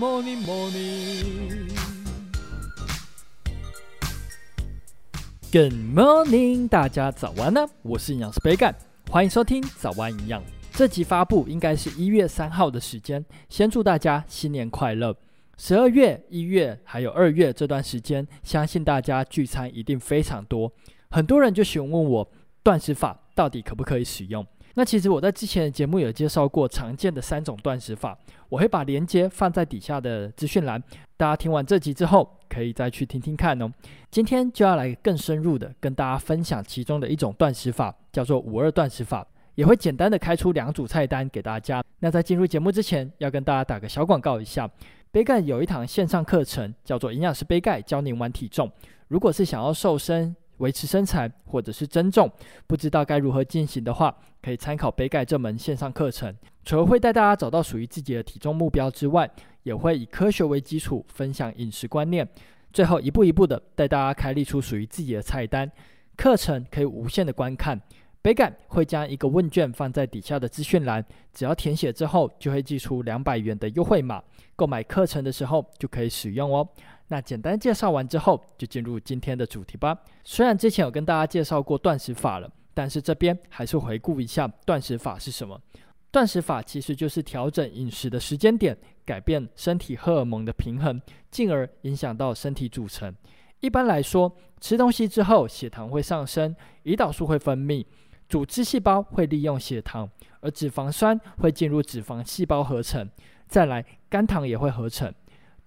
Morning, morning. Good morning，大家早安呢！我是營養師杯蓋，歡迎收聽早安營養。這集發佈應該是一月三號的時間。先祝大家新年快樂！十二月、一月還有二月這段時間，相信大家聚餐一定非常多。很多人就詢問我，斷食法到底可不可以使用？那其實我在之前的節目有介紹過常見的三種斷食法，我會把鏈接放在底下的資訊欄，大家聽完這集之後可以再去聽聽看哦。今天就要來更深入的跟大家分享其中的一種斷食法，叫做五二斷食法，也會簡單的開出兩組菜單給大家。那在進入節目之前，要跟大家打個小廣告一下，杯蓋有一堂線上課程叫做營養師杯蓋教您玩體重，如果是想要瘦身。維持身材或者是增重，不知道該如何進行的話，可以參考杯蓋這門線上課程。除了會帶大家找到屬於自己的體重目標之外，也會以科學為基礎分享飲食觀念，最後一步一步的帶大家開立出屬於自己的菜單。課程可以無限的觀看，杯蓋會將一個問卷放在底下的資訊欄，只要填寫之後就會寄出兩百元的優惠碼，購買課程的時候就可以使用哦。那簡單介紹完之後，就進入今天的主題吧。雖然之前有跟大家介紹過斷食法了，但是這邊還是回顧一下斷食法是什麼。斷食法其實就是調整飲食的時間點，改變身體荷爾蒙的平衡，進而影響到身體組成。一般來說，吃東西之後，血糖會上升，胰島素會分泌，組織細胞會利用血糖，而脂肪酸會進入脂肪細胞合成，再來肝糖也會合成。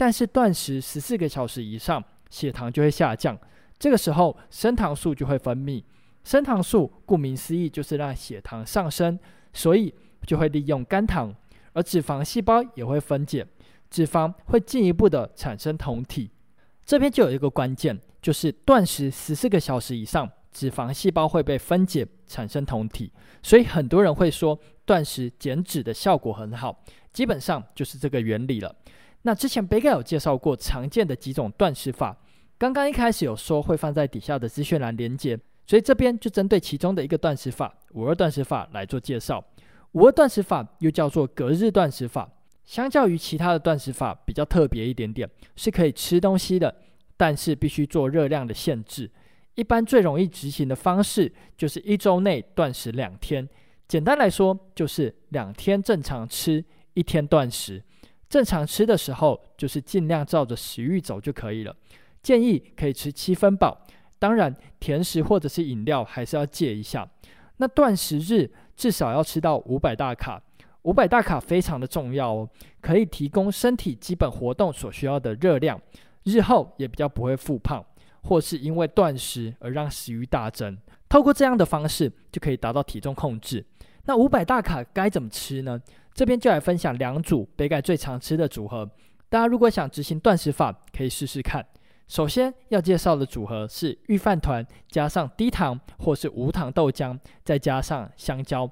但是斷食十四個小時以上，血糖就會下降，這個時候升糖素就會分泌。升糖素顧名思義就是讓血糖上升，所以就會利用肝糖，而脂肪細胞也會分解，脂肪會進一步的產生酮體。這邊就有一個關鍵，就是斷食十四個小時以上，脂肪細胞會被分解產生酮體，所以很多人會說斷食減脂的效果很好，基本上就是這個原理了。那之前杯蓋有介紹過常見的幾種斷食法，剛剛一開始有說會放在底下的資訊欄連接，所以這邊就針對其中的一個斷食法五二斷食法來做介紹。五二斷食法又叫做隔日斷食法，相較於其他的斷食法比較特別一點點，是可以吃東西的，但是必須做熱量的限制。一般最容易執行的方式就是一周內斷食兩天，簡單來說就是兩天正常吃，一天斷食。正常吃的時候，就是盡量照着食欲走就可以了。建議可以吃七分飽，當然甜食或者是飲料還是要戒一下。那斷食日至少要吃到五百大卡，五百大卡非常的重要哦，可以提供身體基本活動所需要的熱量，日後也比較不會復胖，或是因為斷食而讓食欲大增。透過這樣的方式就可以達到體重控制。那五百大卡該怎麼吃呢？這邊就來分享兩組杯蓋最常吃的組合，大家如果想執行斷食法，可以試試看。首先要介紹的組合是御飯糰加上低糖或是無糖豆漿，再加上香蕉。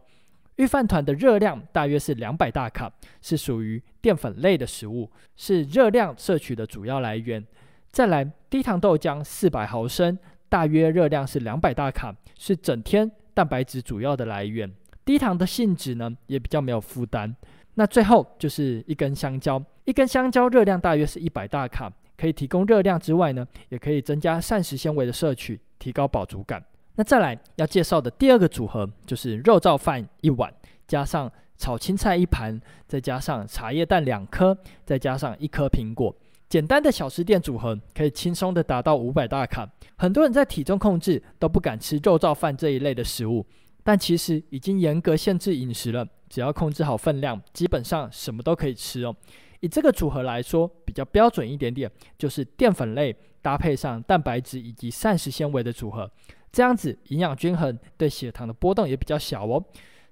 御飯糰的熱量大約是兩百大卡，是屬於澱粉類的食物，是熱量攝取的主要來源。再來，低糖豆漿四百毫升，大約熱量是兩百大卡，是整天蛋白質主要的來源。低醣的性質呢，也比較沒有負擔。那最後就是一根香蕉，一根香蕉熱量大約是一百大卡，可以提供熱量之外呢，也可以增加膳食纖維的攝取，提高飽足感。那再來要介紹的第二個組合就是肉燥飯一碗，加上炒青菜一盤，再加上茶葉蛋兩顆，再加上一顆蘋果，簡單的小吃店組合可以輕鬆的達到五百大卡。很多人在體重控制都不敢吃肉燥飯這一類的食物。但其實已經嚴格限制飲食了，只要控制好分量，基本上什麼都可以吃哦。以這個組合來說，比較標準一點點，就是澱粉類搭配上蛋白質以及膳食纖維的組合，這樣子營養均衡，對血糖的波動也比較小哦。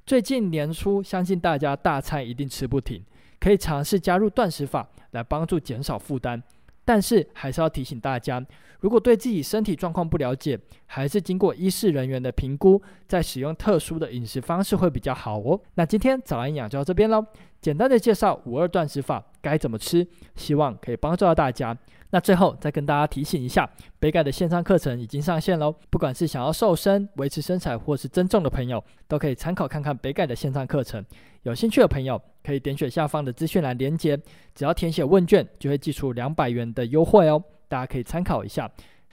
最近年初，相信大家大餐一定吃不停，可以嘗試加入斷食法來幫助減少負擔。但是還是要提醒大家，如果對自己身體狀況不了解，還是經過醫事人員的評估，再使用特殊的飲食方式會比較好哦。那今天早安營養就到這邊咯。簡單的介紹五二斷食法該怎麼吃，希望可以幫助到大家。那最後再跟大家提醒一下，杯蓋的線上課程已經上線嘍。不管是想要瘦身、維持身材或是增重的朋友，都可以參考看看杯蓋的線上課程。有興趣的朋友可以點選下方的資訊欄連結，只要填寫問卷就會寄出兩百元的優惠哦。大家可以參考一下，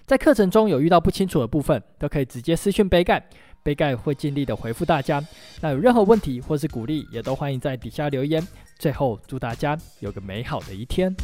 在課程中有遇到不清楚的部分，都可以直接私訊杯蓋，杯蓋會盡力的回復大家。那有任何問題或是鼓勵，也都歡迎在底下留言。最後，祝大家有個美好的一天。